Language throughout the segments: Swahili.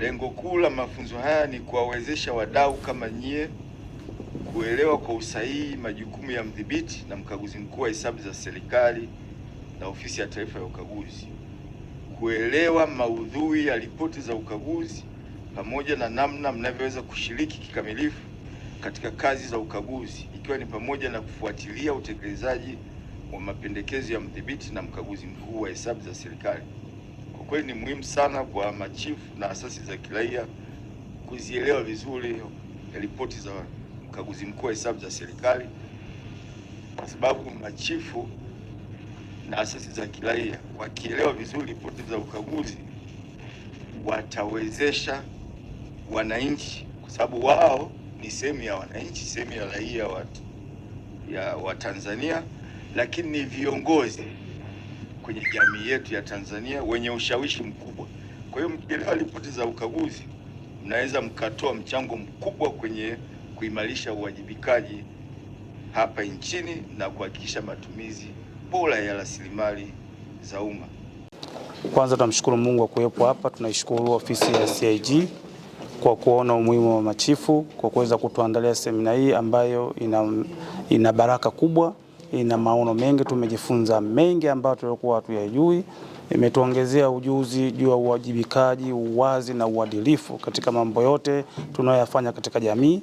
Lengo kuu la mafunzo haya ni kuwawezesha wadau kama nyie kuelewa kwa usahihi majukumu ya mdhibiti na mkaguzi mkuu wa hesabu za serikali na Ofisi ya Taifa ya Ukaguzi, kuelewa maudhui ya ripoti za ukaguzi pamoja na namna mnavyoweza kushiriki kikamilifu katika kazi za ukaguzi, ikiwa ni pamoja na kufuatilia utekelezaji wa mapendekezo ya mdhibiti na mkaguzi mkuu wa hesabu za serikali kweli ni muhimu sana kwa machifu na asasi za kiraia kuzielewa vizuri ripoti za mkaguzi mkuu wa hesabu za serikali, kwa sababu machifu na asasi za kiraia wakielewa vizuri ripoti za ukaguzi watawezesha wananchi, kwa sababu wao ni sehemu ya wananchi, sehemu ya raia wa Tanzania, lakini ni viongozi kwenye jamii yetu ya Tanzania wenye ushawishi mkubwa. Kwa hiyo mkielewa ripoti za ukaguzi, mnaweza mkatoa mchango mkubwa kwenye kuimarisha uwajibikaji hapa nchini na kuhakikisha matumizi bora ya rasilimali za umma. Kwanza tunamshukuru Mungu kwa kuwepo hapa, tunaishukuru ofisi ya cig kwa kuona umuhimu wa machifu kwa kuweza kutuandalia semina hii ambayo ina, ina baraka kubwa ina maono mengi, tumejifunza mengi ambayo tulikuwa hatuyajui. Imetuongezea ujuzi juu ya uwajibikaji, uwazi na uadilifu katika mambo yote tunayoyafanya katika jamii,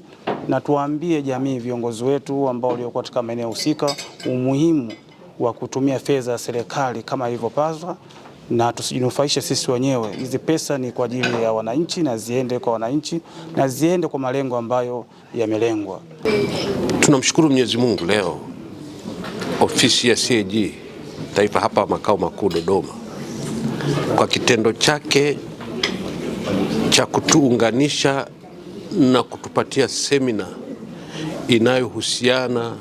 na tuambie jamii, viongozi wetu ambao waliokuwa katika maeneo husika, umuhimu wa kutumia fedha ya serikali kama ilivyopaswa na tusijinufaishe sisi wenyewe. Hizi pesa ni kwa ajili ya wananchi na ziende kwa wananchi na ziende kwa malengo ambayo yamelengwa. Tunamshukuru Mwenyezi Mungu leo ofisi ya CAG taifa hapa makao makuu Dodoma kwa kitendo chake cha kutuunganisha na kutupatia semina inayohusiana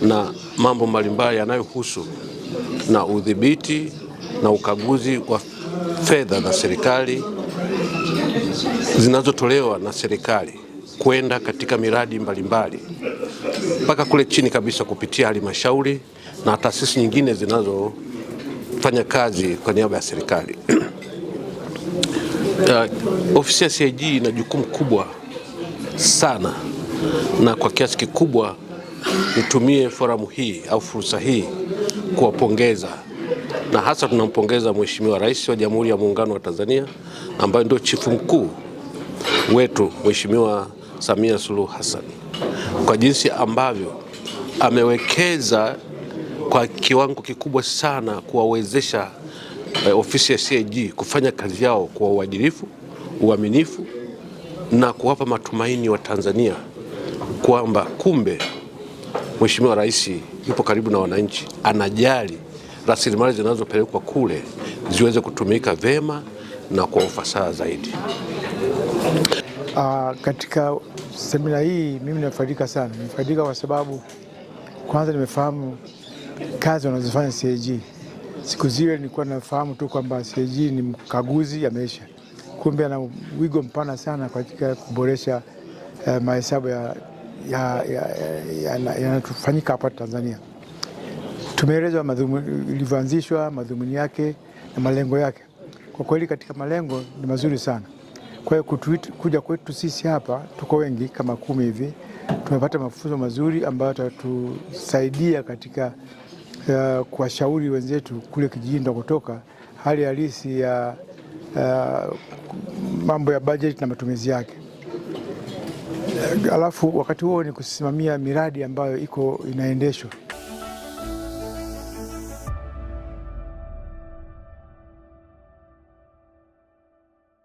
na mambo mbalimbali yanayohusu na udhibiti na ukaguzi wa fedha za serikali zinazotolewa na serikali kwenda katika miradi mbalimbali mpaka kule chini kabisa kupitia halmashauri na taasisi nyingine zinazofanya kazi kwa niaba ya serikali. Uh, ofisi ya CAG ina jukumu kubwa sana, na kwa kiasi kikubwa nitumie foramu hii au fursa hii kuwapongeza na hasa tunampongeza Mheshimiwa Rais wa Jamhuri ya Muungano wa Tanzania ambaye ndio chifu mkuu wetu Mheshimiwa Samia Suluhu Hassan kwa jinsi ambavyo amewekeza kwa kiwango kikubwa sana kuwawezesha eh, ofisi ya CAG kufanya kazi yao kwa uadilifu, uaminifu na kuwapa matumaini wa Tanzania kwamba kumbe Mheshimiwa Rais yupo karibu na wananchi, anajali rasilimali zinazopelekwa kule ziweze kutumika vema na kwa ufasaha zaidi. Uh, katika semina hii mimi nimefaidika sana. Nimefaidika kwa sababu kwanza nimefahamu kazi wanazofanya CAG. Siku zile nilikuwa nafahamu tu kwamba CAG ni mkaguzi ya maisha, kumbe ana wigo mpana sana katika kuboresha eh, mahesabu yanatufanyika hapa Tanzania. Tumeelezwa ilivyoanzishwa, madhumuni yake na malengo yake. Kwa kweli katika malengo ni mazuri sana. Kwa hiyo kuja kwetu sisi hapa, tuko wengi kama kumi hivi, tumepata mafunzo mazuri ambayo yatatusaidia katika uh, kuwashauri wenzetu kule kijijini tunakotoka hali halisi ya uh, mambo ya bajeti na matumizi yake. Alafu wakati huo ni kusimamia miradi ambayo iko inaendeshwa.